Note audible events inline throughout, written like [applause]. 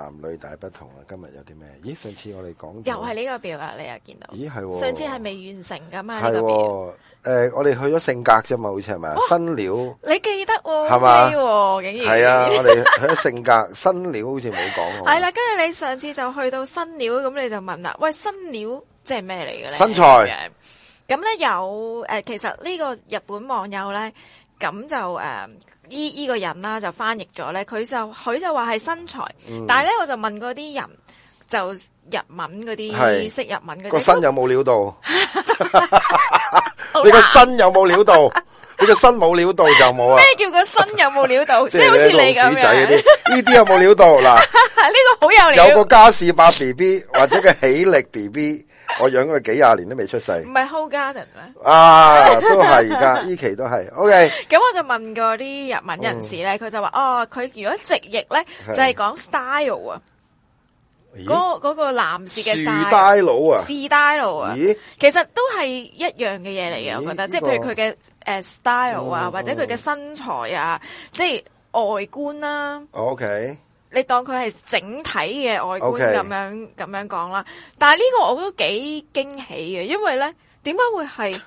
男女大不同啊！今日有啲咩？咦，上次我哋講又係呢個表啊，你又見到？咦，係、哦、上次係未完成噶嘛？係、這、誒、個哦呃，我哋去咗性格啫嘛，好似係咪？哦、身料料？你記得係、哦、喎吧、哦，竟然係啊！我哋去咗性格， [laughs] 身料好似冇講。係啦，跟住你上次就去到身料，咁你就問啦，喂，身料，即係咩嚟嘅咧？身材咁咧有誒、呃，其實呢個日本網友咧。咁就誒，依依個人啦就翻譯咗咧，佢就佢就話係身材，但係咧我就問嗰啲人，就日文嗰啲識日文嗰啲，個身有冇料到？你個身有冇料到？你個身冇料到就冇啊！咩叫個身有冇料到？即係好似老鼠仔嗰啲，呢啲有冇料到嗱？呢個好有料，有個嘉士伯 B B 或者個喜力 B B。我養咗佢幾廿年都未出世。唔係 whole garden 咩？啊，都係而家呢期都係。OK，咁我就問過啲日文人士咧，佢就話哦，佢如果直譯咧，就係講 style 啊。嗰嗰個男士嘅 style 啊，style 啊，咦，其實都係一樣嘅嘢嚟嘅，我覺得。即係譬如佢嘅誒 style 啊，或者佢嘅身材啊，即係外觀啦。OK。你當佢係整體嘅外觀咁樣咁樣講啦，但係呢個我都幾驚喜嘅，因為咧點解會係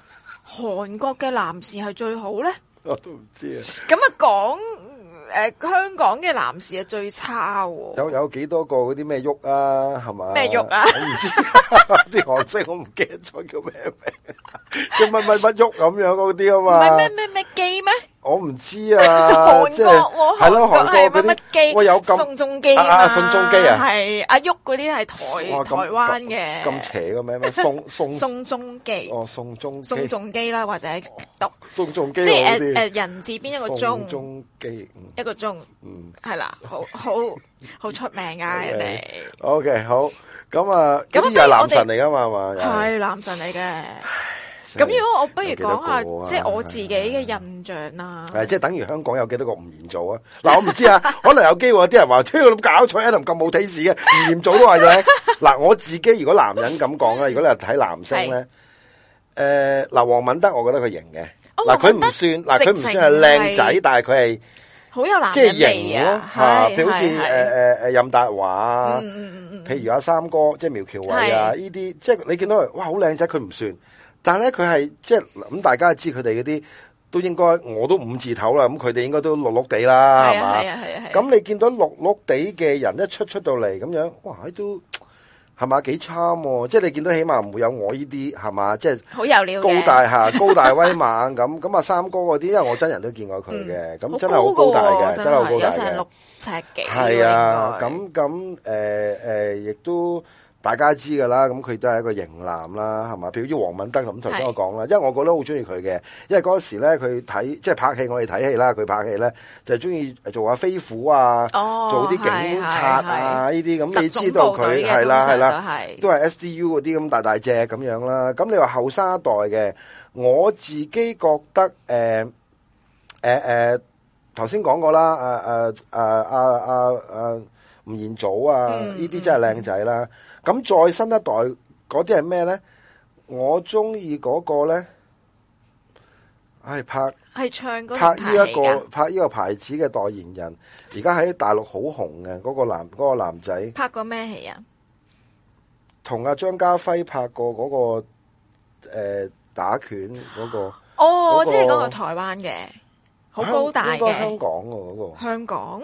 韓國嘅男士係最好咧？我都唔知啊。咁啊，講，誒香港嘅男士係最差，有有幾多個嗰啲咩喐啊？係嘛咩喐啊？我唔知，啲韓式我唔記得咗叫咩名，叫乜乜乜喐咁樣嗰啲啊嘛？唔係咩咩咩記咩？我唔知啊，即係係咯，韓國係乜乜基，宋仲基啊，宋仲基啊，係阿旭嗰啲係台台灣嘅，咁邪個名咩？宋宋宋仲基，哦，宋仲宋仲基啦，或者讀宋仲基，即係誒誒人字邊一個中，仲基，一個中，嗯，係啦，好好好出名啊，人哋，OK，好，咁啊，咁又係男神嚟噶嘛，係男神嚟嘅。咁如果我不如講下，即係我自己嘅印象啦。誒，即係等於香港有幾多個吳彥祖啊？嗱，我唔知啊，可能有機會有啲人話，天，搞錯，Adam 咁冇睇字嘅，吳彥祖都係嘅嗱，我自己如果男人咁講咧，如果你係睇男星咧，誒，嗱，黃敏德，我覺得佢型嘅，嗱，佢唔算，嗱，佢唔算係靚仔，但係佢係好有男，即係型咯，吓，譬如好似誒誒誒任達華，嗯嗯嗯嗯，譬如阿三哥，即係苗僑偉啊，呢啲，即係你見到佢，哇，好靚仔，佢唔算。但咧佢係即係咁，大家知佢哋嗰啲都應該我都五字頭啦，咁佢哋應該都六六地啦，係嘛？咁你見到六六地嘅人一出出到嚟咁樣，哇！都係嘛幾差喎！即係你見到起碼唔會有我呢啲係嘛？即係好有料，高大吓，高大威猛咁。咁啊三哥嗰啲，因為我真人都見過佢嘅，咁真係好高大嘅，真係好高大嘅，有成六尺幾。係啊，咁咁誒誒，亦都。大家知噶啦，咁佢都係一個型男啦，係嘛？譬如黃敏德，咁頭先我講啦，是因為我覺得好中意佢嘅，因為嗰時咧佢睇即係拍戲，我哋睇戲啦，佢拍戲咧就係中意做下飛虎啊，oh, 做啲警察啊呢啲，咁你樣知道佢係啦係啦，就是、都係 S D U 嗰啲咁大大隻咁樣啦。咁你話後生一代嘅，我自己覺得誒誒誒，頭先講過啦，誒誒誒阿阿誒吳彥祖啊，呢啲、嗯、真係靚仔啦。嗯嗯咁再新一代嗰啲係咩咧？我中意嗰個咧，係拍係唱拍呢一個拍呢、呢個、個牌子嘅代言人，而家喺大陸好紅嘅嗰、嗰個男、嗰個男仔。拍過咩戲啊？同阿張家輝拍過嗰、嗰個誒、呃、打拳嗰、嗰個。哦、oh, 嗰個，即係嗰個台灣嘅，好、嗰個、高大嘅。香港嗰、嗰個。香港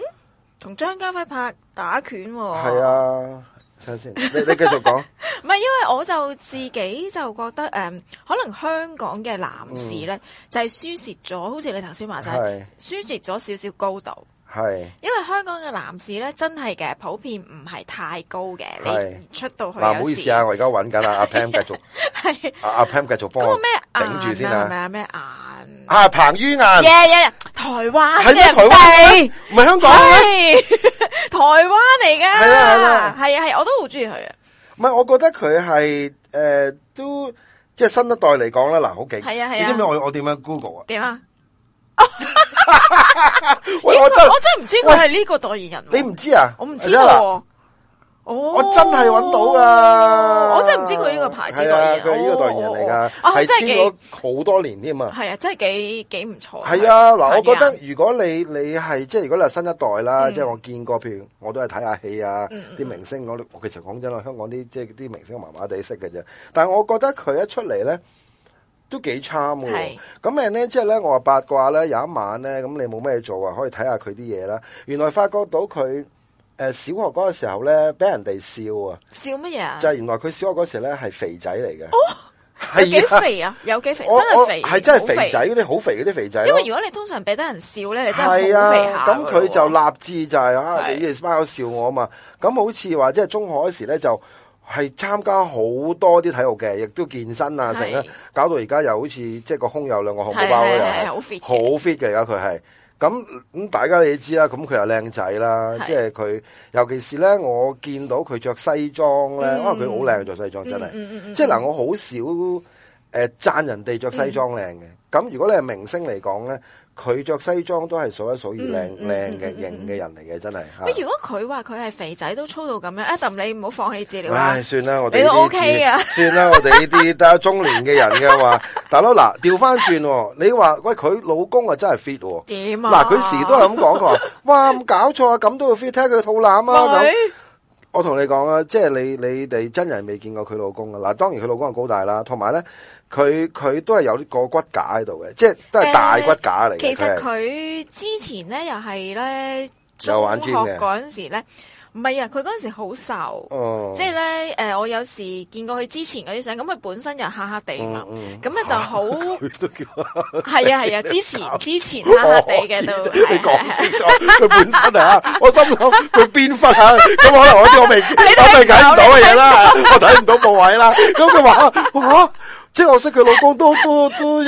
同張家輝拍打拳喎。係啊。等等你，你繼續講。唔係， [laughs] 因為我就自己就覺得誒、呃，可能香港嘅男士咧，嗯、就係輸蝕咗，好似你頭先話齋輸蝕咗少少高度。係，因為香港嘅男士咧，真係嘅普遍唔係太高嘅，你出到去。嗱，唔好意思啊，我而家揾緊啦，阿 Pam 繼續。阿 Pam 繼續幫。嗰個咩眼？頂住先啊！係啊，咩眼？彭于晏。耶耶耶，台灣嘅。地唔係香港，台灣嚟噶。係啦係啊係，我都好中意佢啊。唔係，我覺得佢係誒，都即係新一代嚟講啦。嗱，好勁。係啊係啊。你知唔知我我點樣 Google 啊？點啊？我真我真唔知佢係呢個代言人，你唔知啊？我唔知啊。哦，我真係揾到㗎。我真唔知佢呢個牌子代言，佢呢個代言人嚟噶，係簽咗好多年添啊，係啊，真係幾幾唔錯，係啊，嗱，我覺得如果你你係即係如果你係新一代啦，即係我見過，譬如我都係睇下戲啊，啲明星我其實講真啦，香港啲即係啲明星麻麻地識嘅啫，但係我覺得佢一出嚟咧。都幾差喎。咁誒咧，即係咧、就係，我話八卦咧，有一晚咧，咁你冇咩做啊，可以睇下佢啲嘢啦。原來發覺到佢、呃、小學嗰個時候咧，俾人哋笑啊！笑乜嘢啊？就原來佢小學嗰時咧係肥仔嚟嘅。哦，係幾肥啊？有幾肥？真係肥，係真係肥仔嗰啲好肥嗰啲肥仔。因為如果你通常俾得人笑咧，你真係好肥。咁佢就立志就係啊，你哋班友笑我啊嘛。咁好似話即係中學嗰時咧就。係係參加好多啲體育嘅，亦都健身啊，成日是搞到而家又好似即係個胸有兩個漢堡包咁樣，好 fit 嘅而家佢係，咁咁、嗯、大家你知啦，咁佢又靚仔啦，即係佢，尤其是咧，我見到佢着西裝咧，因為佢好靚着西裝，嗯、真係，嗯嗯嗯、即嗱我好少誒讚、呃、人哋着西裝靚嘅，咁、嗯、如果你係明星嚟講咧。佢着西裝都係數一數二靚靚嘅型嘅人嚟嘅，真係。喂，如果佢話佢係肥仔都粗到咁樣，Adam 你唔好放棄治療啊！哎、算啦，我哋呢啲，OK、算啦我哋呢啲，中年嘅人嘅話，大佬嗱調翻轉，你話喂佢老公真 fit，啊真係 fit，點嗱佢時都係咁講佢，哇咁搞錯啊，咁都要 fit 睇佢肚腩啊咁。是我同你講啊，即係你你哋真人未見過佢老公啊，嗱，當然佢老公係高大啦，同埋咧，佢佢都係有啲個骨架喺度嘅，即係都係大骨架嚟嘅、呃。其實佢是之前咧又係咧中學嗰陣時咧。唔係啊，佢嗰陣時好瘦，即係咧，誒，我有時見過佢之前嗰啲相，咁佢本身就黑黑地嘛，咁咧就好，都係啊係啊，之前之前黑黑地嘅都係嘅，你講清楚佢本身啊，我心諗佢邊分啊，咁可能我知我未我未睇唔到嘅嘢啦，我睇唔到部位啦，咁佢話，哇。即係我識佢老公都都都一一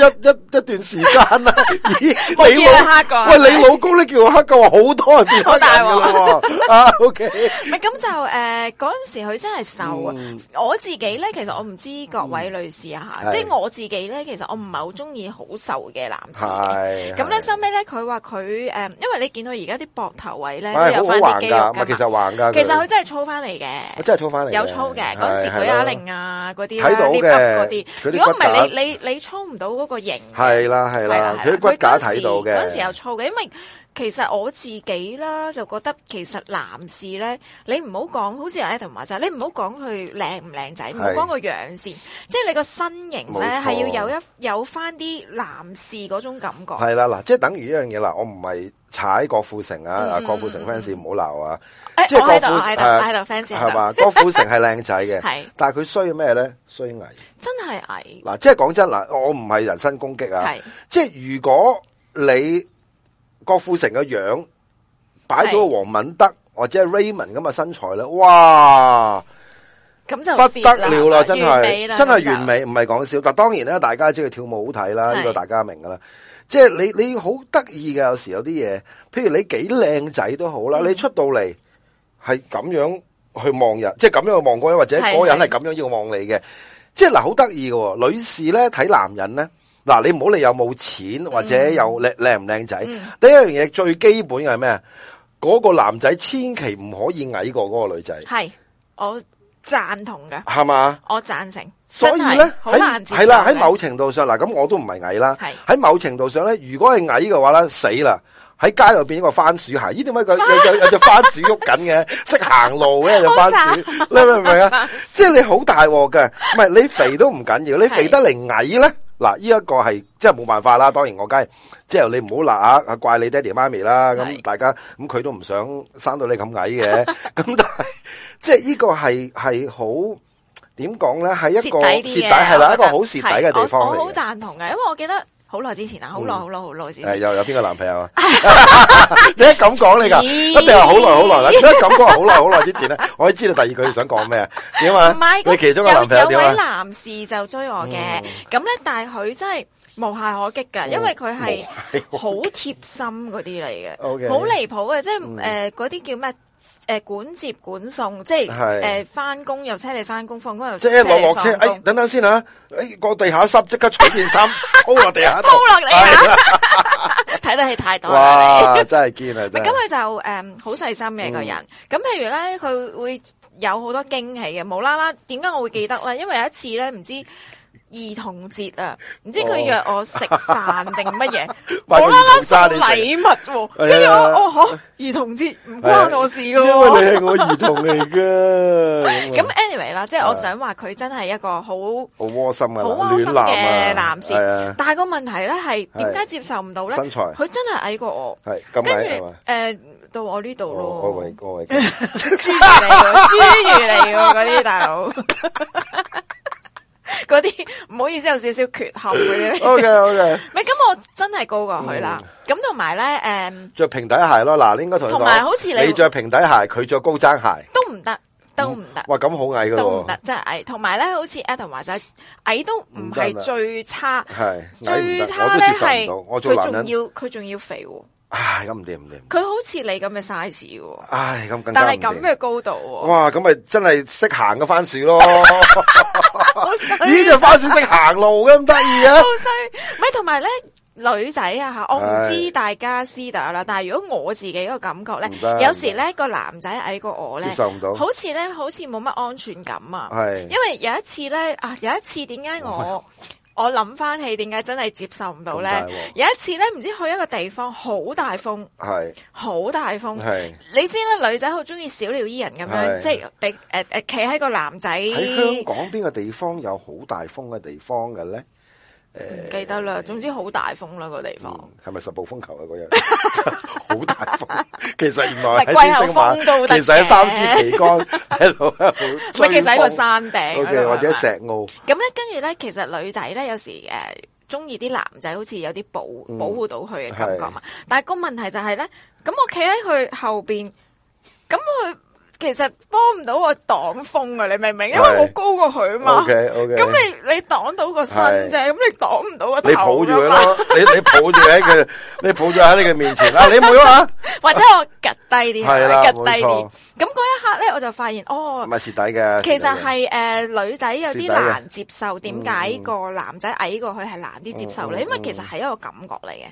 一段時間啦。咦，你老喂你老公咧，叫我黑哥，話好多人變咗大噶啦。OK。唔係咁就誒，嗰陣時佢真係瘦啊。我自己咧，其實我唔知各位女士吓，即係我自己咧，其實我唔係好中意好瘦嘅男仔。咁咧，收尾咧佢話佢誒，因為你見到而家啲膊頭位咧有翻啲肌肉。其實橫噶，其實佢真係粗翻嚟嘅。真係粗翻嚟，有粗嘅，嗰陣時舉啞鈴啊，嗰啲嗰啲。如果唔係你你你操唔到嗰個型，係啦，係啦，佢啲啦啦骨架睇到嘅。嗰陣時有操嘅，因為。其實我自己啦，就覺得其實男士咧，你唔好講，好似阿李話齋，你唔好講佢靚唔靚仔，唔好講個樣先，即係你個身形咧係要有一有翻啲男士嗰種感覺。係啦，嗱，即係等於一樣嘢啦。我唔係踩郭富城啊，郭富城 fans 唔好鬧啊，即係郭富誒 fans 係嘛，郭富城係靚仔嘅，係，但係佢衰咩咧？衰矮，真係矮。嗱，即係講真嗱，我唔係人身攻擊啊，係，即係如果你。郭富城嘅樣擺咗個黃敏德或者係 Raymond 咁嘅身材咧，哇！咁就不得了啦的，真係真係完美，唔係講笑。但係當然咧，大家知道佢跳舞好睇啦，呢是個大家明噶啦。即係你你好得意嘅，有時有啲嘢，譬如你幾靚仔都好啦，嗯、你出到嚟係咁樣去望人，即係咁樣去望個人，或者個人係咁樣要望你嘅，是的即係嗱好得意嘅。女士咧睇男人咧。嗱，你唔好理有冇錢或者有靚靚唔靚仔，第一樣嘢最基本嘅係咩？嗰個男仔千祈唔可以矮過嗰個女仔。係，我贊同㗎，係嘛？我贊成。所以咧，係啦，喺某程度上嗱，咁我都唔係矮啦。喺某程度上咧，如果係矮嘅話咧，死啦！喺街入面一個番薯行，咦，點解有有隻番薯喐緊嘅？識行路嘅隻番薯，你明唔明啊？即係你好大鑊嘅，唔係你肥都唔緊要，你肥得嚟矮咧，嗱，呢一個係即係冇辦法啦，當然我梗係，即係你唔好嗱下，怪你爹哋媽咪啦。咁大家咁佢都唔想生到你咁矮嘅，咁但係即係呢個係係好點講咧？係一個蝕底，係啦一個好蝕底嘅地方嚟。我好贊同嘅，因為我記得。好耐之前啦，好耐好耐好耐之前。又有邊個男朋友啊？你咁講你噶，一定係好耐好耐啦。如果咁講係好耐好耐之前咧，我已知道第二句你想講咩？點啊？你其中個男朋友點啊？有位男士就追我嘅，咁咧，但係佢真係無懈可擊噶，因為佢係好貼心嗰啲嚟嘅，好離譜嘅，即係誒嗰啲叫咩？誒，管接管送，即係誒，翻工又車你翻工，放工又即係落落車。哎，等等先吓，哎，個地下濕，即刻取件衫，鋪落地下，鋪落地下，睇得起太多。哇，真係堅啊！咪咁佢就誒，好細心嘅一個人。咁譬如咧，佢會有好多驚喜嘅，無啦啦，點解我會記得咧？因為有一次咧，唔知。兒童節啊，唔知佢約我食飯定乜嘢，冇啦啦送禮物，跟住我我兒童節唔關我事噶，因為你係我兒童嚟噶。咁 anyway 啦，即係我想話佢真係一個好好窩心嘅好暖嘅男士，但係個問題咧係點解接受唔到咧？身材佢真係矮過我，係跟住誒到我呢度咯，我為我為豬嚟嘅，豬嚟啲大佬。嗰啲唔好意思，有少少缺陷嘅。 [laughs] OK OK。係咁我真係高過佢啦。咁同埋咧，誒，着、嗯、平底鞋咯。嗱，你應該同埋好似你着平底鞋，佢着高踭鞋，都唔得，都唔得。哇，咁好矮㗎，都唔得，真係矮。同埋咧，好似 Adam 話齋矮都唔係最差，係最差咧係佢仲要佢仲要肥。唉，咁掂唔掂。佢好似你咁嘅 size 喎。唉，咁，但係咁嘅高度。哇，咁咪真係識行個番薯咯。呢隻番薯識行路嘅，咁得意啊！好衰。咪同埋咧，女仔啊吓，我唔知大家思達啦。但係如果我自己個感覺咧，有時咧個男仔矮過我咧，接受唔到。好似咧，好似冇乜安全感啊。係。因為有一次咧，啊，有一次點解我？我諗翻起點解真係接受唔到咧？有一次咧，唔知去一個地方好大風，係好是大風，係是你知啦，女仔好中意小鳥依人咁樣，是即係俾誒誒，企、呃、喺、呃、個男仔。喺香港邊個地方有好大風嘅地方嘅咧？誒，記得啦，是總之好大風啦、啊那個地方，係咪、嗯、十步風球啊嗰日，好 [laughs] [laughs] 大風。其實原來，係季候風都得嘅。其實係三支旗杆喺度，咪其實喺個山頂，okay, 或者石澳。咁咧吧，跟住咧，其實女仔咧，有時誒，中意啲男仔，好似有啲保、嗯、保護到佢嘅感覺嘛。是但係個問題就係咧，咁我企喺佢後邊，咁佢。其實幫唔到我擋風啊！你明唔明？因為我高過佢嘛。OK，OK。咁你你擋到個身啫，咁你擋唔到個頭。你抱住佢，你你抱住喺佢，你抱住喺你嘅面前啊！你妹啊！或者我趌低啲，趌低啲。咁嗰一刻咧，我就發現哦，唔係蝕底嘅。其實係誒女仔有啲難接受，點解個男仔矮過佢係難啲接受咧？因為其實係一個感覺嚟嘅。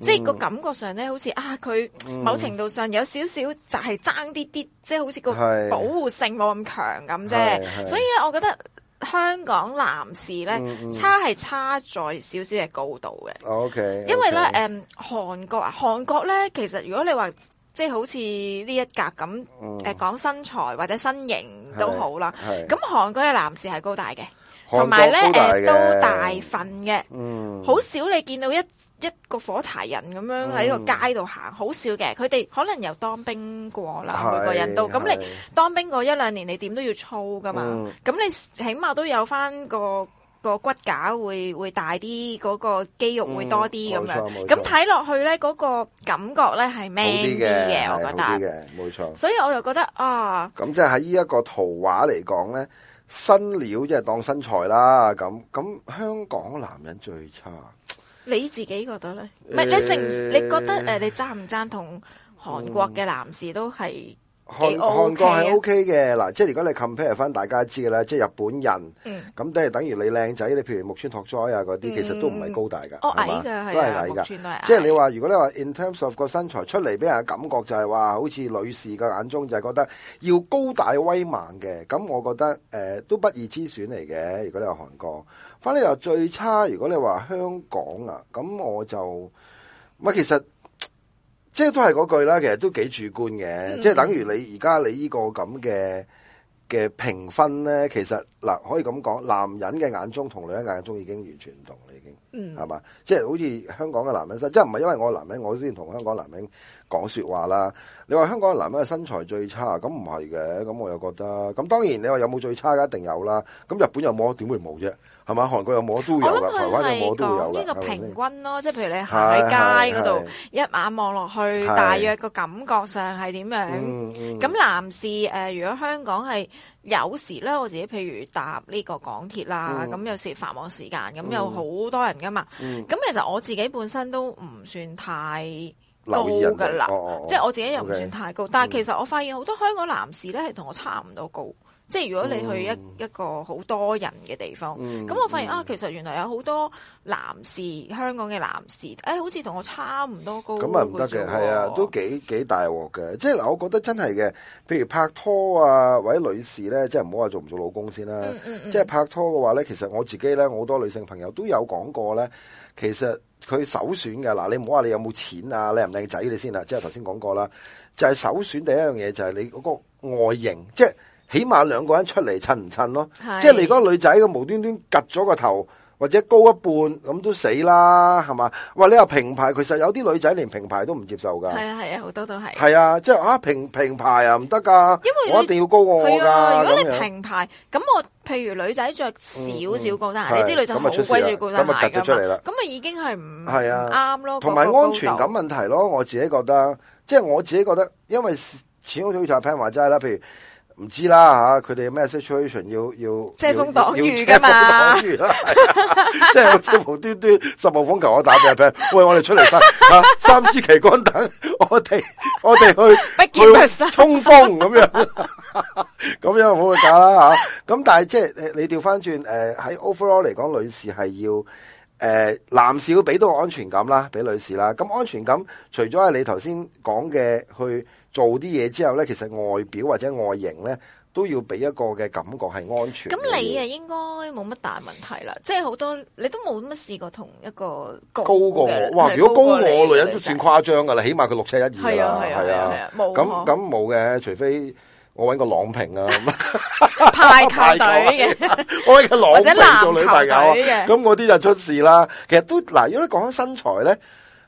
即係個感覺上咧，好似啊佢某程度上有少少就係爭啲啲，即係、嗯、好似個保護性冇咁強咁啫。所以咧，我覺得香港男士咧、嗯嗯、差係差在少少嘅高度嘅、啊。OK，因為咧，誒 okay,、嗯，韓國啊，韓國咧其實如果你話即係好似呢一格咁，誒講、嗯、身材或者身形都好啦。咁韓國嘅男士係高大嘅，同埋咧誒都大份嘅，好、嗯、少你見到一。一個火柴人咁樣喺個街度行，好少嘅。佢哋可能又當兵過啦，每個人都。咁你當兵過一兩年，你點都要操噶嘛。咁你起碼都有翻個個骨架會會大啲，嗰個肌肉會多啲咁樣。咁睇落去咧，嗰個感覺咧係 man 嘅？我覺得冇錯。所以我就覺得啊，咁即係喺呢一個圖畫嚟講咧，身料即係當身材啦。咁咁香港男人最差。你自己覺得咧？唔係你成？你覺得誒？你贊唔贊同韓國嘅男士都係、OK、韓韓國係 O K 嘅嗱，即係如果你 compare 翻大家知嘅啦，即係日本人咁即係等於你靚仔，你譬如木村拓哉啊嗰啲，其實都唔係高大噶，係嘛？都係矮噶，是矮的即係你話如果你話 in terms of 個身材出嚟俾人感覺就係、是、話好似女士嘅眼中就係覺得要高大威猛嘅，咁我覺得誒、呃、都不易之選嚟嘅。如果你話韓國。翻嚟又最差。如果你話香港啊，咁我就咪其實即係都係嗰句啦。其實都幾主觀嘅，嗯、即係等於你而家你呢個咁嘅嘅評分咧，其實嗱可以咁講，男人嘅眼中同女人眼中已經完全唔同啦。已經係嘛，即係好似香港嘅男人身，即係唔係因為我男人我先同香港男人講說話啦。你話香港嘅男人身材最差，咁唔係嘅咁，我又覺得咁。當然你話有冇最差嘅，一定有啦。咁日本又有冇點會冇啫？係嘛？韓國有冇都有啦，我諗佢係講係，係，呢個平均咯，即係譬如你行喺街嗰度，一眼望落去，係，係，大約個感覺上係點樣？咁、嗯、男士、呃、如果香港係有時咧，我自己譬如搭呢個港鐵啦，咁、嗯、有時繁忙時間，咁有好多人噶嘛。咁、嗯、其實我自己本身都唔算太高㗎啦，哦、即係我自己又唔算太高。okay 但係其實我發現好多香港男士咧，係同我差唔多高。即係如果你去一一個好多人嘅地方，咁、嗯、我發現、嗯、啊，其實原來有好多男士，香港嘅男士，誒、哎，好似同我差唔多高。咁啊唔得嘅，係啊，都幾幾大鑊嘅。即係嗱，我覺得真係嘅，譬如拍拖啊，或者女士咧，即係唔好話做唔做老公先啦。嗯嗯、即係拍拖嘅話咧，其實我自己咧，我好多女性朋友都有講過咧，其實佢首選嘅嗱，你唔好話你有冇錢啊，靚唔靚仔你先啊。即係頭先講過啦，就係、是、首選第一樣嘢就係你嗰個外形，即係。起碼兩個人出嚟襯唔襯咯，是的 即係你嗰個女仔嘅無端端夾咗個頭，或者高一半咁都死啦，係嘛？話你又平牌，其實有啲女仔連平牌都唔接受噶。係啊係啊，好多都係。係啊，即係啊，平平牌啊唔得噶，因為我一定要高過我噶。如果你平牌，咁我譬如女仔着少少高登鞋，你知女仔好貴住高咗出嚟嘛？咁啊已經係唔啱咯，同埋的安全感問題咯，我自己覺得，即係我自己覺得，因為錢好似阿 Pen 話齋啦，譬如。唔知啦嚇、啊，佢哋有咩 situation 要要遮，要，要遮風擋雨㗎嘛、 [laughs] 啊？即係無端端 [laughs] 十號風球我打俾， [laughs] 喂我哋出嚟曬嚇，三支旗杆等我哋我哋去 [laughs] 去衝鋒咁樣，咁 [laughs] 樣好唔好啦。嚇、啊！咁但係即係誒你調翻轉誒喺、呃、overall 嚟講，女士係要。誒，男士要俾到安全感啦，俾女士啦。咁安全感除咗係你頭先講嘅去做啲嘢，之後咧，其實外表或者外形咧都要俾一個嘅感覺係安全。咁你啊，應該冇乜大問題啦。即係好多你都冇乜試過同一個高過我。哇！如果高我女人都算誇張噶啦，起碼佢六尺一,一二啦。係啊，係啊，冇、啊。咁咁冇嘅，除非。我揾個郎平啊，咁啊，排球隊嘅，或者男女排球嘅，咁嗰啲就出事啦。其實都嗱，如果你講身材咧，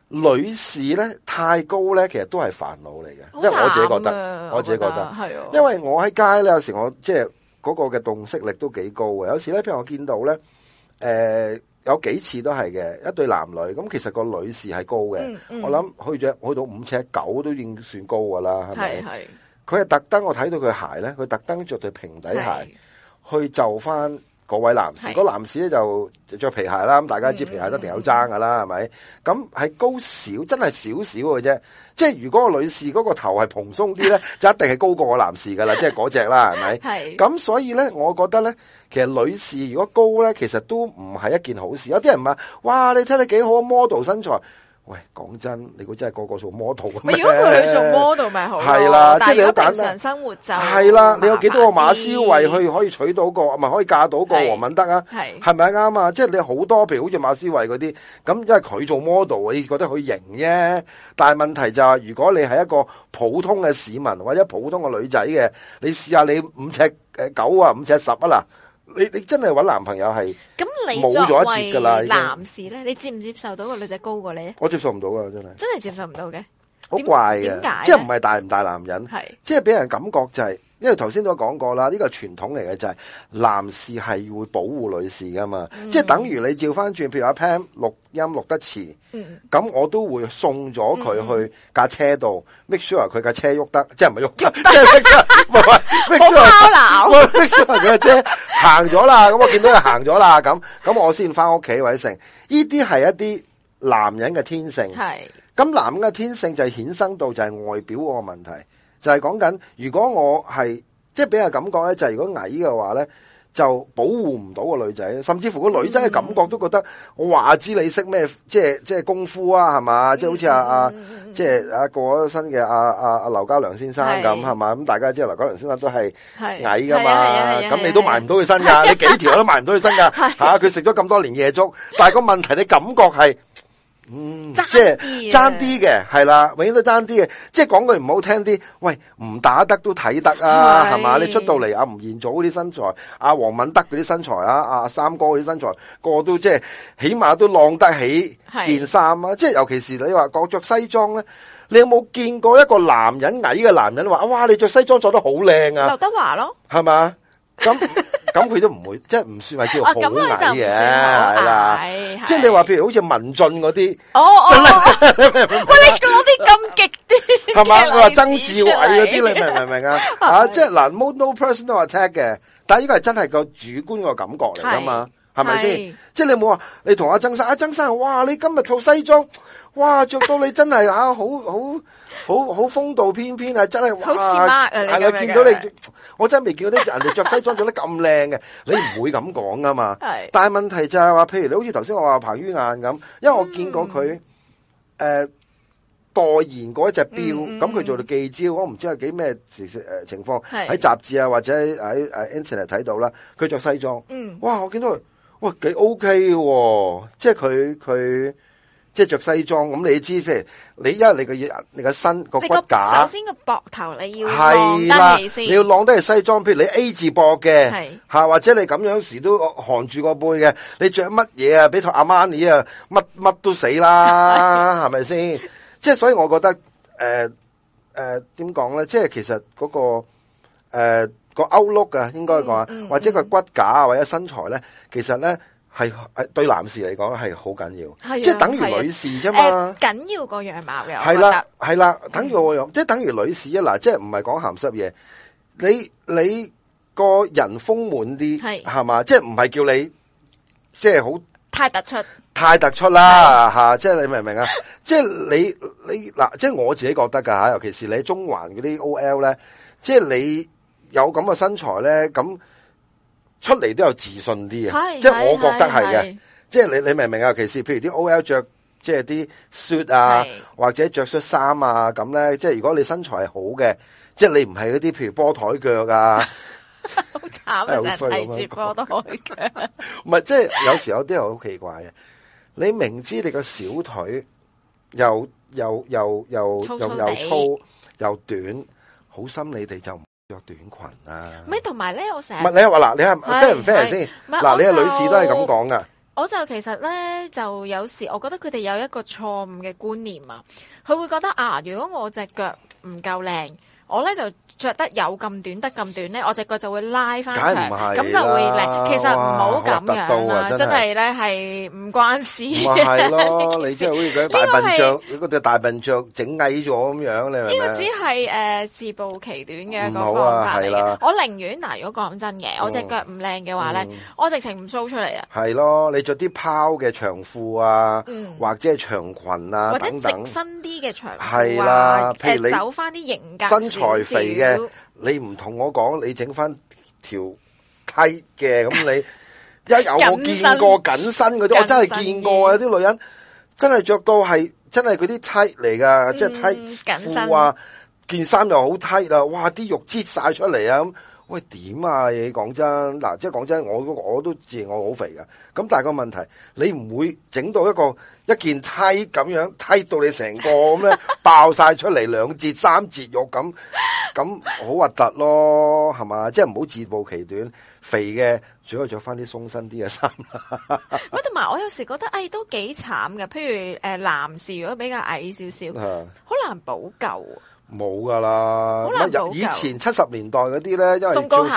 女士咧太高咧，其實都係煩惱嚟嘅，因為我自己覺得，我自己覺得係啊。因為我喺街咧，有時我即係嗰個嘅洞悉力都幾高嘅。有時咧，譬如我見到咧，誒有幾次都係嘅，一對男女咁，其實個女士係高嘅，我諗去咗去到五尺九都已經算高噶啦，係咪？佢係特登，我睇到佢鞋咧，佢特登着對平底鞋是去就翻嗰位男士。嗰是男士咧就着皮鞋啦，咁大家知皮鞋一定有爭噶啦，係咪、嗯？咁係高少，嗯、真係少少嘅啫。即係如果個女士嗰個頭係蓬鬆啲咧， [laughs] 就一定係高過個男士噶啦，即係嗰隻啦，係咪？咁是所以咧，我覺得咧，其實女士如果高咧，其實都唔係一件好事。有啲人話，哇，你睇你幾好 model 身材。喂講真，你估真係個個做 model？如果佢去做 model 咪好？係啦，即係你好簡日常生活就係啦。你有幾多個馬詩慧去可以娶到個，咪是可以嫁到個王敏德啊？係係咪啱啊？即係你好多，譬如好似馬詩慧嗰啲，咁因為佢做 model，你覺得佢型啫？但係問題就係、是，如果你係一個普通嘅市民或者普通嘅女仔嘅，你試下你五尺誒九啊，五尺十啊啦。你你真係搵男朋友係咁你冇咗一截噶啦，已經。男士咧，你接唔接受到個女仔高過你？我接受唔到啊，真係。真係接受唔到嘅，好怪嘅，點解？即係唔係大唔大男人，係即係俾人感覺就係。因為頭先都講過啦，呢、這個傳統嚟嘅就係、是、男士係會保護女士噶嘛，嗯、即係等於你照翻轉，譬如阿 Pam 錄音錄得遲，咁、嗯、我都會送咗佢去架車度，make sure 佢架車喐得，得，即係唔係喐得，即係 make sure，唔係 make sure 行咗啦，咁 [laughs] 我見到佢行咗啦，咁咁我先翻屋企或者成。呢啲係一啲男人嘅天性，係是，咁男人嘅天性就係衍生到就係外表嗰個問題。就係講緊，如果我係即係俾人感覺咧，就係如果矮嘅話咧，就保護唔到個女仔，甚至乎個女仔嘅感覺都覺得我話知你識咩，即係即係功夫啊，係嘛？即係好似阿阿即係阿過咗身嘅阿阿阿劉家良先生咁係嘛？咁大家知阿劉家良先生都係矮噶嘛？咁你都埋唔到佢身㗎，你幾條我都埋唔到佢身㗎嚇。佢食咗咁多年夜粥，但係個問題，你感覺係。嗯，即係爭啲嘅係啦，永遠都爭啲嘅。即係講句唔好聽啲，喂，唔打得都睇得啊，係嘛是？你出到嚟，阿吳彥祖嗰啲身材，阿、啊、王敏德嗰啲身材啊，阿三哥嗰啲身材，個，個都即係起碼都晾得起件衫啊。是即係尤其是你話講着西裝咧，你有冇見過一個男人矮嘅男人話，哇，你着西裝着得好靚啊，劉德華咯，係嘛？咁咁佢都唔會，即係唔算話叫做好矮嘅，係啦。即係你話譬如好似文進嗰啲，哦哦，喂，你講啲咁極啲，係嘛？我話曾志偉嗰啲，你明唔明啊？啊，即係嗱，冇 no personal attack 嘅，但係呢個係真係個主觀個感覺嚟噶嘛。係咪先？即係你冇話你同阿曾生，阿曾生，哇！你今日套西裝，哇！着到你真係啊，好好好好風度翩翩啊，真係好斯文啊！係咪見到你？我真係未見到啲人哋着西裝做得咁靚嘅，你唔會咁講噶嘛？但係問題就係話，譬如你好似頭先我話彭于晏咁，因為我見過佢誒代言過一隻表，咁佢做到記招，我唔知係幾咩誒情況，喺雜誌啊或者喺誒 Internet 睇到啦。佢着西裝，哇！我見到佢。喂，幾 OK 嘅，即係佢佢即係着西裝。咁你知，譬如你一你個你個身個的骨架，首先個膊頭你要係啦，你要晾低係西裝。譬如你 A 字膊嘅，係吓的或者你咁樣時都寒住個背嘅，你着乜嘢啊？俾套阿瑪尼啊，乜乜都死啦，係咪先？ [laughs] 即係所以我覺得誒誒，點講咧？即係其實嗰個誒。呃個歐碌噶，應該講，或者個骨架或者身材咧，其實咧係誒對男士嚟講係好緊要，即係等於女士啫嘛。緊要過樣貌嘅，係啦係啦，等於我樣，即係等於女士啊嗱，即係唔係講鹹濕嘢，你你個人豐滿啲係係嘛，即係唔係叫你即係好太突出，太突出啦吓，即係你明唔明啊？即係你你嗱，即係我自己覺得噶吓，尤其是你喺中環嗰啲 OL 咧，即係你。有咁嘅身材咧，咁出嚟都有自信啲啊！是即係我覺得係嘅，即係你你明唔明啊？尤其是譬如啲 O L 着即係啲 suit 啊，或者着恤衫啊咁咧，即係如果你身材好嘅，即係你唔係嗰啲譬如波台腳啊，好慘啊！成日睇住波台腳 [laughs] ，唔係即係有時有啲人好奇怪嘅， [laughs] 你明知你個小腿又又又又又又粗又短，好心你哋就。短裙啊！咪同埋咧，我成日係你係話嗱，你係 fair 唔 fair 先，嗱你係是女士都係咁講噶。我就其實咧，就有時我覺得佢哋有一個錯誤嘅觀念啊，佢會覺得啊，如果我隻腳唔夠靚。我咧，就着得有咁短得咁短咧，我隻腳就會拉翻長，咁就會靚。其實唔好咁樣啦，真係咧，係唔關事。嘅。係咯，你即係好似大笨象，你大笨象整矮咗咁樣，你呢個只係誒自暴其短嘅一個方法嚟。我寧願嗱，如果講真嘅，我隻腳唔靚嘅話咧，我直情唔 show 出嚟啊。係咯，你着啲拋嘅長褲啊，或者係長裙啊，或者直身啲嘅長褲啊，誒走翻啲型格。才肥嘅，你唔同我講，你整翻條 tie 嘅，咁近你一有我見過緊身嗰啲，身我真係見過啊！啲女人真係着到係真係嗰啲 tie 嚟噶，即係 tie 緊褲啊！件衫又好 tie 啦，哇！啲肉擠晒出嚟啊咁。喂，點啊？你講真嗱，啊，即係講真，我我都自認我好肥㗎。咁但係個問題，你唔會整到一個一件梯咁樣，梯到你成個咁樣爆晒出嚟，兩節 [laughs] 三節肉咁，咁好核突咯，係嘛？即係唔好自暴其短，肥嘅最好着翻啲鬆身啲嘅衫。喂，同埋我有時覺得，誒、哎，都幾慘㗎。譬如誒、呃，男士如果比較矮少少，好是的 難補救。冇噶啦，乜以前七十年代嗰啲咧，因為做鬆糕鞋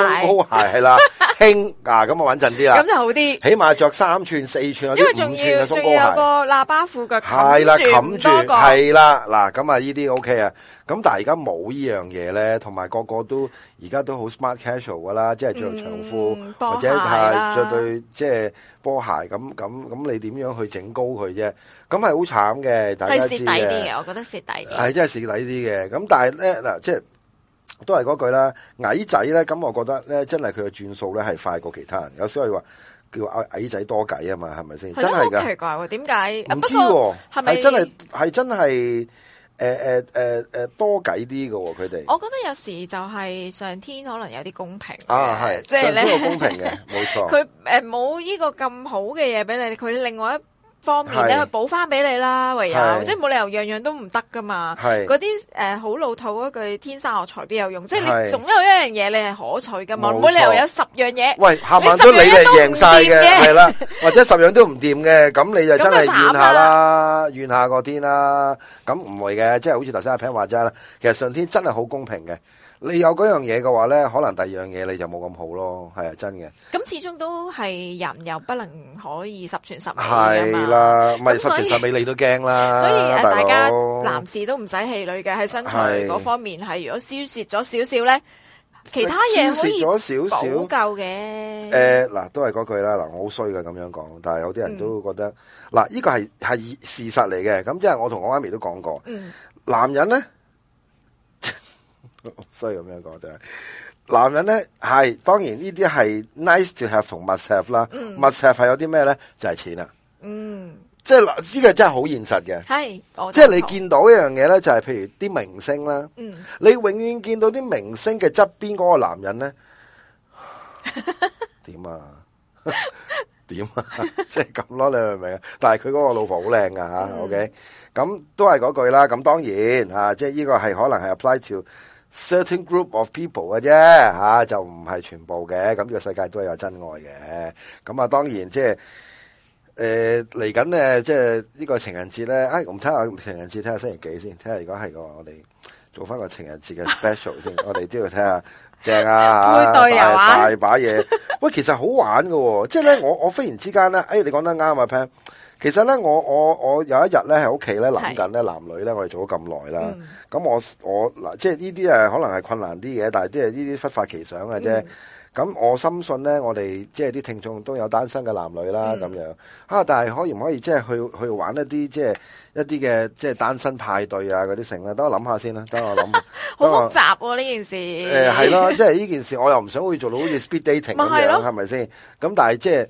係啦。 [laughs] [laughs] 輕啊，咁啊穩陣啲啦，咁就好啲。起碼着三寸、四寸或者五寸嘅高踭鞋。因為仲要個喇叭褲腳，係啦，冚住，係啦，嗱，咁啊呢啲 OK 啊。咁但係而家冇呢樣嘢咧，同埋個個都而家都好 smart casual 噶啦，即係着長褲或者係着對即係波鞋咁咁咁，你點樣去整高佢啫？咁係好慘嘅，大家知嘅。係蝕底啲嘅，我覺得蝕底嘅。係即係蝕底啲嘅，咁但係咧嗱，即係。都係嗰句啦，矮仔咧，咁我覺得咧，真係佢嘅轉數咧係快過其他人。有時可以話叫矮矮仔多計啊嘛，係咪先？真係噶。好奇怪喎，點解？唔知喎，不過，係咪真係係真係？誒誒誒誒，多計啲嘅佢哋。我覺得有時就係上天可能有啲公平。啊，係即係呢個公平嘅，冇錯。佢誒冇呢個咁好嘅嘢俾你，佢另外一。方面咧，是去補翻俾你啦，唯有是即係冇理由樣樣都唔得噶嘛。嗰啲誒好老土嗰句天生我材必有用，是即係你總有一樣嘢你係可取噶嘛。冇錯理由有十樣嘢，喂，行運都你嚟贏晒嘅，係啦 [laughs] 或者十樣都唔掂嘅，咁你就真係怨下啦，怨下個天啦、啊。咁唔會嘅，即、就、係、是、好似頭先阿平話齋啦，其實上天真係好公平嘅。你有嗰樣嘢嘅話咧，可能第二樣嘢你就冇咁好咯，係啊，真嘅。咁始終都係人又不能可以十全十美係嘛。咁所以十全十美你都驚啦。所以大，哥大家男士都唔使氣女嘅喺身體嗰是方面，係如果消泄咗少少咧，其他嘢可以咗少少夠嘅。誒，嗱、呃，都係嗰句啦。嗱，我好衰㗎，咁樣講，但係有啲人都覺得嗱，呢、嗯呢個係係事實嚟嘅。咁因為我同我媽咪都講過，嗯、男人咧。所以咁樣講就係、是、男人咧係當然呢啲係 nice to have 同 must have 啦，must have 係有啲咩咧就係、是、錢啦，嗯、mm.，即係嗱呢個真係好現實嘅，係，即係你見到一樣嘢咧就係、是、譬如啲明星啦，嗯，mm. 你永遠見到啲明星嘅側邊嗰個男人咧點啊點啊，即係咁咯，你明唔明啊？但係佢嗰個老婆好靚噶吓，OK，咁都係嗰句啦，咁當然吓，即係呢個係可能係 apply to。Certain group of people 嘅啫、啊、就唔係全部嘅。咁呢個世界都係有真愛嘅。咁啊，當然即係誒嚟緊咧，即係、欸、呢個情人節咧。啊、哎，我唔睇下情人節睇下星期幾先，睇下如果係個我哋做翻個情人節嘅 special 先。 [laughs] 我哋都要睇下，正啊！配大，大把嘢。喂、哎，其實好玩㗎喎、哦。即係咧，我我忽然之間咧，誒、哎，你講得啱啊，Pan。Pam 其實咧，我我我有一日咧喺屋企咧諗緊咧男女咧，我哋做咗咁耐啦。咁我我即係呢啲係可能係困難啲嘅，但係啲係呢啲忽發奇想嘅啫。咁、嗯、我深信咧，我哋即係啲聽眾都有單身嘅男女啦。咁、嗯、樣吓但係可唔可以即係去去玩一啲即係一啲嘅即係單身派對啊嗰啲成咧？等我諗下先啦，等我諗。好 [laughs] 複雜喎、啊、呢我件事。誒、呃，係咯， [laughs] 即係呢件事，我又唔想會做到好似 speed dating 咁樣，係咪先？咁但係即係。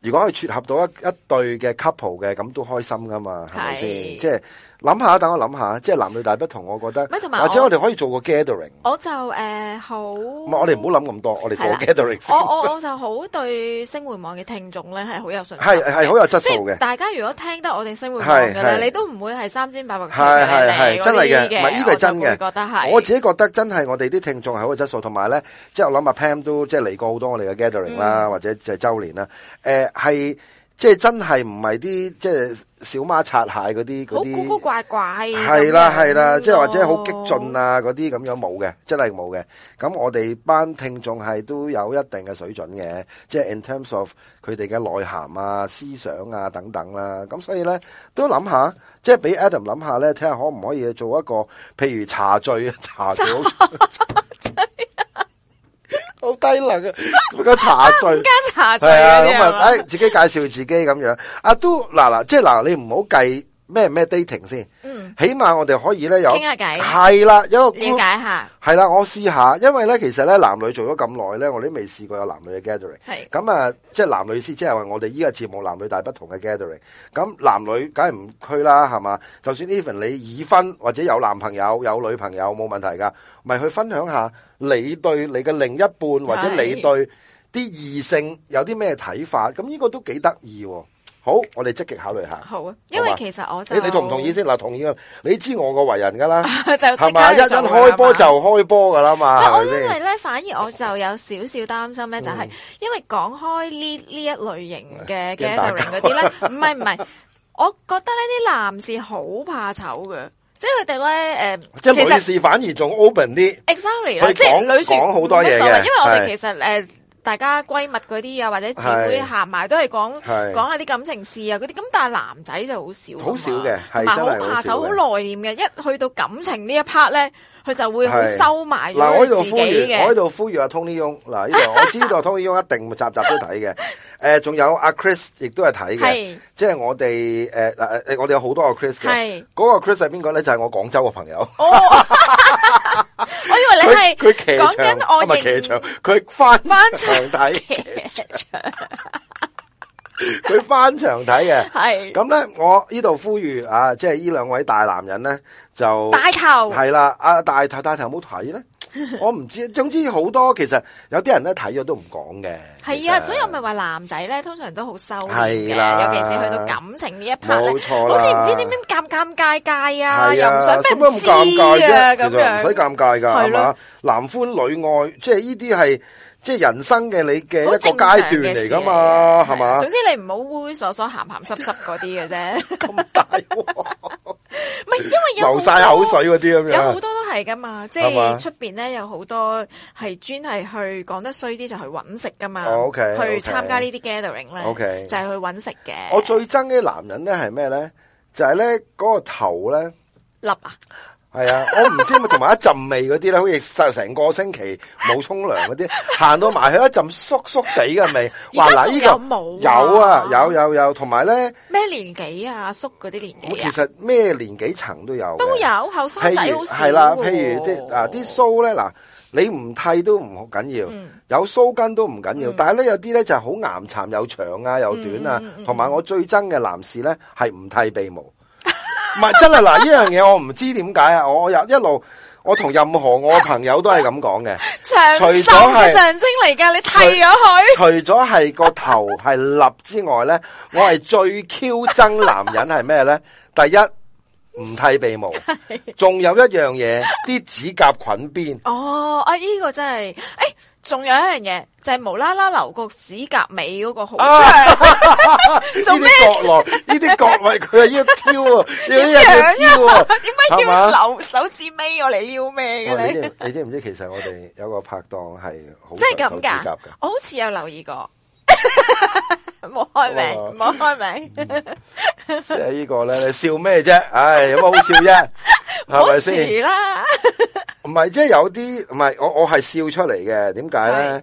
如果佢撮合到一一對嘅 couple 嘅，咁都開心噶嘛，係咪先？即係。就是諗下，等我諗下，即係男女大不同，我覺得。咪同埋，或者我哋可以做個 gathering。我就誒好。唔係，我哋唔好諗咁多，我哋做 gathering。我我我就好對星匯網嘅聽眾咧，係好有信心，係係好有質素嘅。大家如果聽得我哋星匯網嘅咧，你都唔會係三尖八角嘅，係係真係嘅，唔係呢個係真嘅。我覺得係，我自己覺得真係我哋啲聽眾係好有質素，同埋咧，即係我諗阿 Pam 都即係嚟過好多我哋嘅 gathering 啦，或者就周年啦，誒係。即係真係唔係啲即係小馬擦鞋嗰啲嗰啲，好古古怪怪。係啦係啦，即係或者好激進啊嗰啲咁樣冇嘅，真係冇嘅。咁我哋班聽眾係都有一定嘅水準嘅，即係 in terms of 佢哋嘅內涵啊、思想啊等等啦、啊。咁所以咧都諗下，即係俾 Adam 諗下咧，睇下可唔可以做一個譬如茶聚茶醉。 [laughs] [laughs] 好低能嘅，加茶醉，加茶醉，係啊，咁 [laughs] 啊，誒，自己介紹自己咁 [laughs] 樣，啊都嗱嗱，即係嗱，你唔好計。咩咩 dating 先？嗯，起碼我哋可以咧有傾下偈，係啦，有一了解一下，係啦，我試下，因為咧，其實咧，男女做咗咁耐咧，我都未試過有男女嘅 gathering，係咁啊是，即係男女先，即係話我哋依個節目男女大不同嘅 gathering，咁男女梗係唔拘啦，係嘛，就算 even 你已婚或者有男朋友有女朋友冇問題噶，咪去分享下你對你嘅另一半或者你對啲異性有啲咩睇法，咁呢是個都幾得意。好，我哋積極考慮下。好啊，因為其實我就你同唔同意先？嗱，同意啊。你知我個為人噶啦，就係咪？一陣開波就開波噶啦嘛。我因為咧，反而我就有少少擔心咧，就係因為講開呢呢一類型嘅 getting 嗰啲咧，唔係唔係，我覺得呢啲男士好怕醜嘅，即係佢哋咧誒，即係女士反而仲 open 啲。Exactly 啦，即係女士講好多嘢，因為我哋其實誒。大家閨蜜嗰啲啊，或者姊妹行埋都係講是的 講下啲感情事啊嗰啲，咁但係男仔就好少，好少嘅，唔係下手，好內斂嘅。一去到感情呢一 part 咧，佢就會好收埋。嗱，我喺度呼籲，我喺度呼籲阿、啊、Tony 翁，嗱，我知道 Tony 翁一定集集都睇嘅。仲、 [laughs] 啊啊、有阿 Chris 亦都係睇嘅，即係我哋誒我哋有好多個 Chris 嘅，嗰的個 Chris 係邊個咧？就係、是、我廣州嘅朋友。 [laughs] 哦 [laughs] [laughs] 我以為你係佢騎場，唔係騎場，佢翻翻場睇，佢翻場睇嘅。係咁咧，我呢度呼籲啊，即係呢兩位大男人咧，就帶頭係啦。阿帶、啊、頭帶頭冇睇咧。 [laughs] 我唔知，總之好多其實有啲人咧睇咗都唔講嘅。係啊，實所以我咪話男仔咧通常都好收斂嘅，啊、尤其是去到感情呢一 part，好似唔知點點尷尷尬尷尬啊，又唔想咩私啊，咁樣，唔使尷尬噶係嘛，男歡女愛即係呢啲係。就是即係人生嘅你嘅一個階段嚟噶嘛，係嘛？總之你唔好猥猥瑣瑣、咸咸濕濕嗰啲嘅啫。咁大喎！唔係因為有流晒口水嗰啲咁樣。有好多都係噶嘛，即係出邊咧有好多係專係去講得衰啲就去揾食噶嘛。OK，去參加呢啲 gathering 咧，就係去揾食嘅。我最憎嘅男人咧係咩咧？就係咧嗰個頭咧笠啊！係 [laughs] 啊，我唔知咪同埋一陣味嗰啲咧，好似成成個星期冇沖涼嗰啲，行到埋去一陣叔叔地嘅味。話嗱、啊，呢、呢個有啊，有有有，同埋咧咩年紀啊，叔嗰啲年紀、啊、其實咩年紀層都有都有後生仔好係啦，譬如啲啊啲鬚咧，嗱你唔剃都唔好緊要，有鬚根都唔緊要，但係咧有啲咧就係好岩巉又長啊又短啊，同埋、嗯嗯嗯嗯、我最憎嘅男士咧係唔剃鼻毛。唔係 [laughs] 真係嗱，呢樣嘢我唔知點解啊！我又一路我同任何我嘅朋友都係咁講嘅，長壽嘅象徵嚟噶，你剃咗佢。除咗係個頭係立之外咧， [laughs] 我係最 Q 憎男人係咩咧？第一唔剃鼻毛，仲 [laughs] 有一樣嘢，啲指甲捲邊。哦，啊呢、這個真係，誒、哎。仲有一樣嘢，就係、是、無啦啦留個指甲尾嗰個好長，做咩？呢啲角位佢係要挑啊，點樣啊？點解 [laughs] 要留手指尾嗎 [laughs] 我嚟要咩？嘅咧？你知唔知，不知道其實我哋有個拍檔係好，即係咁㗎？我好似有留意過。 [laughs] 冇開名，冇、哦、開名，呢個呢個咧，你笑咩啫？唉、哎，有乜好笑啫？係咪先？啦！唔係，即係有啲唔係，我我係笑出嚟嘅，點解咧？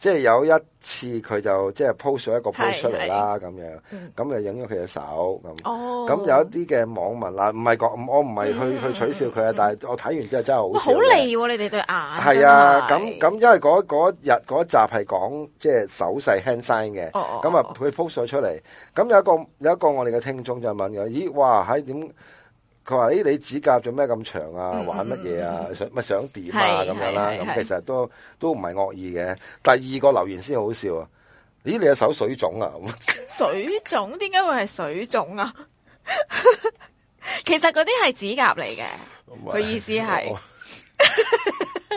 即係有一次佢就即係 post 咗一個 post 出嚟啦，咁樣咁就影咗佢隻手咁。哦，咁有一啲嘅網民啦唔係講，我唔係去去取笑佢啊，嗯嗯、但係我睇完之後真係好。好利喎！你哋對眼。係啊，咁咁因為嗰日嗰集係講即係、就是、手勢 hand sign 嘅，咁啊佢 post 咗出嚟。咁有一個有一個我哋嘅聽眾就問佢：咦，哇，喺點？佢話：咦，你指甲做咩咁長啊？玩乜嘢啊？嗯、想咪想點啊？咁樣啦，咁其實都都唔係惡意嘅。第二個留言先好笑啊！咦，你嘅手水腫啊？水腫？點解會係水腫啊？ [laughs] 其實嗰啲係指甲嚟嘅。佢是意思係，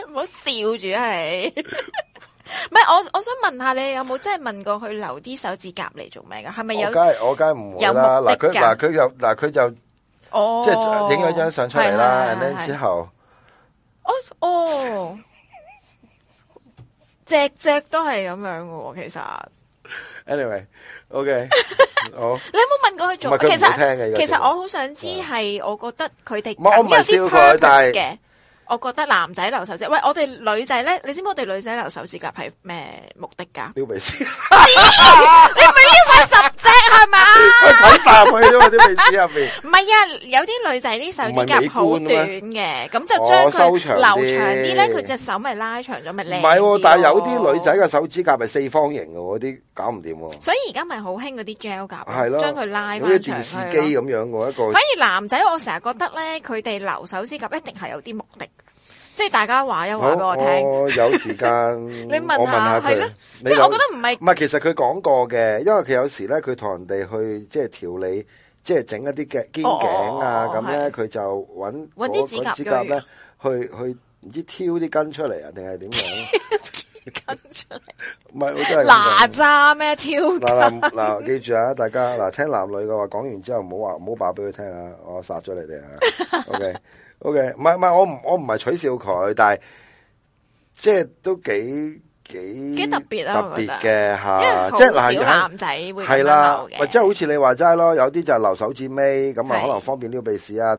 唔好笑住啊！你著，唔 [laughs] 係我我想問，問一下你有冇真係問過佢留啲手指甲嚟做咩㗎？係咪有？我梗係我梗係唔會啦。嗱佢嗱佢就嗱佢就。他他他即係影咗張相出嚟啦，然後之後，哦哦，只只都係咁樣噶喎，其實。Anyway，OK，好。你有冇問過佢做？其實，其實我好想知係，我覺得佢哋有啲 purpose 嘅。我覺得男仔留手指，喂，我哋女仔咧，你知唔知我哋女仔留手指甲係咩目的噶？屌，你咪要晒十。即係嘛？睇晒佢啲手指入邊。唔係啊，有啲女仔啲手指甲好短嘅，咁就將佢留長啲咧。佢隻手咪拉長咗，咪靚啲。唔係，但係有啲女仔嘅手指甲係四方形嘅，嗰啲搞唔掂。所以而家咪好興嗰啲 gel 甲，係咯，將佢拉開。好似電視機咁樣嘅一個。反而男仔，我成日覺得咧，佢哋留手指甲一定係有啲目的。即係大家話一話俾我聽。我有時間，你問下佢。即係我覺得唔係唔係，其實佢講過嘅，因為佢有時咧，佢同人哋去即係調理，即係整一啲嘅肩頸啊咁咧，佢就揾揾啲指甲咧去去唔知挑啲根出嚟啊，定係點樣？唔係，我真係嗱吒咩挑？嗱嗱嗱，記住啊，大家嗱聽男女嘅話講完之後，唔好話唔好爆俾佢聽啊，我殺咗你哋啊，OK。O K，唔係唔係，我唔我唔係取笑佢，但係即係都幾幾幾特別啊，特別嘅吓，即係嗱，男仔會係啦，或者人的好似你話齋咯，有啲就留手指尾，咁啊可能方便撩鼻屎啊。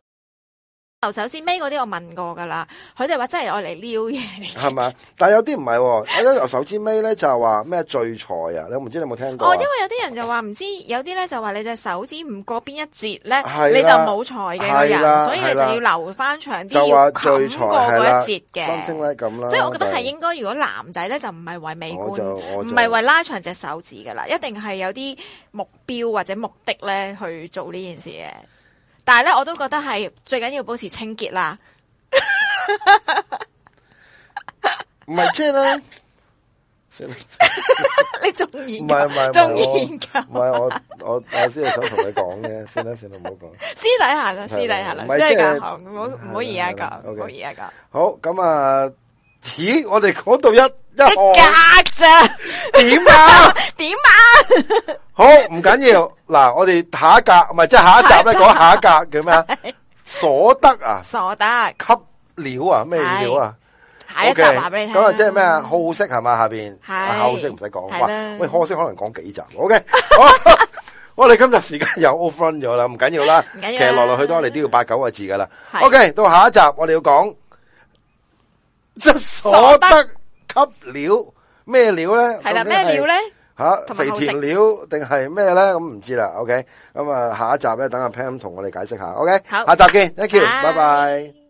由手指尾嗰啲我問過噶啦，佢哋話真係愛嚟撩嘢。係咪？但係有啲唔係，有啲由手指尾咧就話咩聚財啊？你唔知你有冇聽過，啊？哦，因為有啲人就話唔知，有啲咧就話你隻手指唔過邊一截咧，啊、你就冇財嘅人，啊、所以你就要留翻長啲，啊、就要冚過嗰一截嘅。啊 like、that，所以我覺得係應該，如果男仔咧就唔係為美觀，唔係為拉長隻手指噶啦，一定係有啲目標或者目的咧去做呢件事嘅。但係咧，我都覺得係最緊要保持清潔啦。唔係即係咧，你中意唔係唔係中意？唔係我我頭先係想同你講嘅，先啦，先啦，唔好講私底下啦，私底下啦，唔係即係唔好唔好而家講，唔好而家講。好咁啊？點？我哋講到一一格咋？點啊？點啊？好唔緊要。嗱，我哋下一格唔係即係下一集咧，講下一格嘅咩？所得啊，所得吸料啊，咩料啊？OK，咁啊，即係咩啊？好色係嘛？下邊係好色唔使講啦。喂，好色可能講幾集？OK，我我哋今日時間又 open 咗啦，唔緊要啦。其實落落去都我哋都要八九個字噶啦。OK，到下一集我哋要講即所得吸料咩料咧？係啦，咩料咧？吓、啊，肥田料定係咩咧？咁唔知啦。OK，咁、嗯、啊下一集咧，等阿 Pan 同我哋解釋下。OK，好下集見，Thank you，拜拜。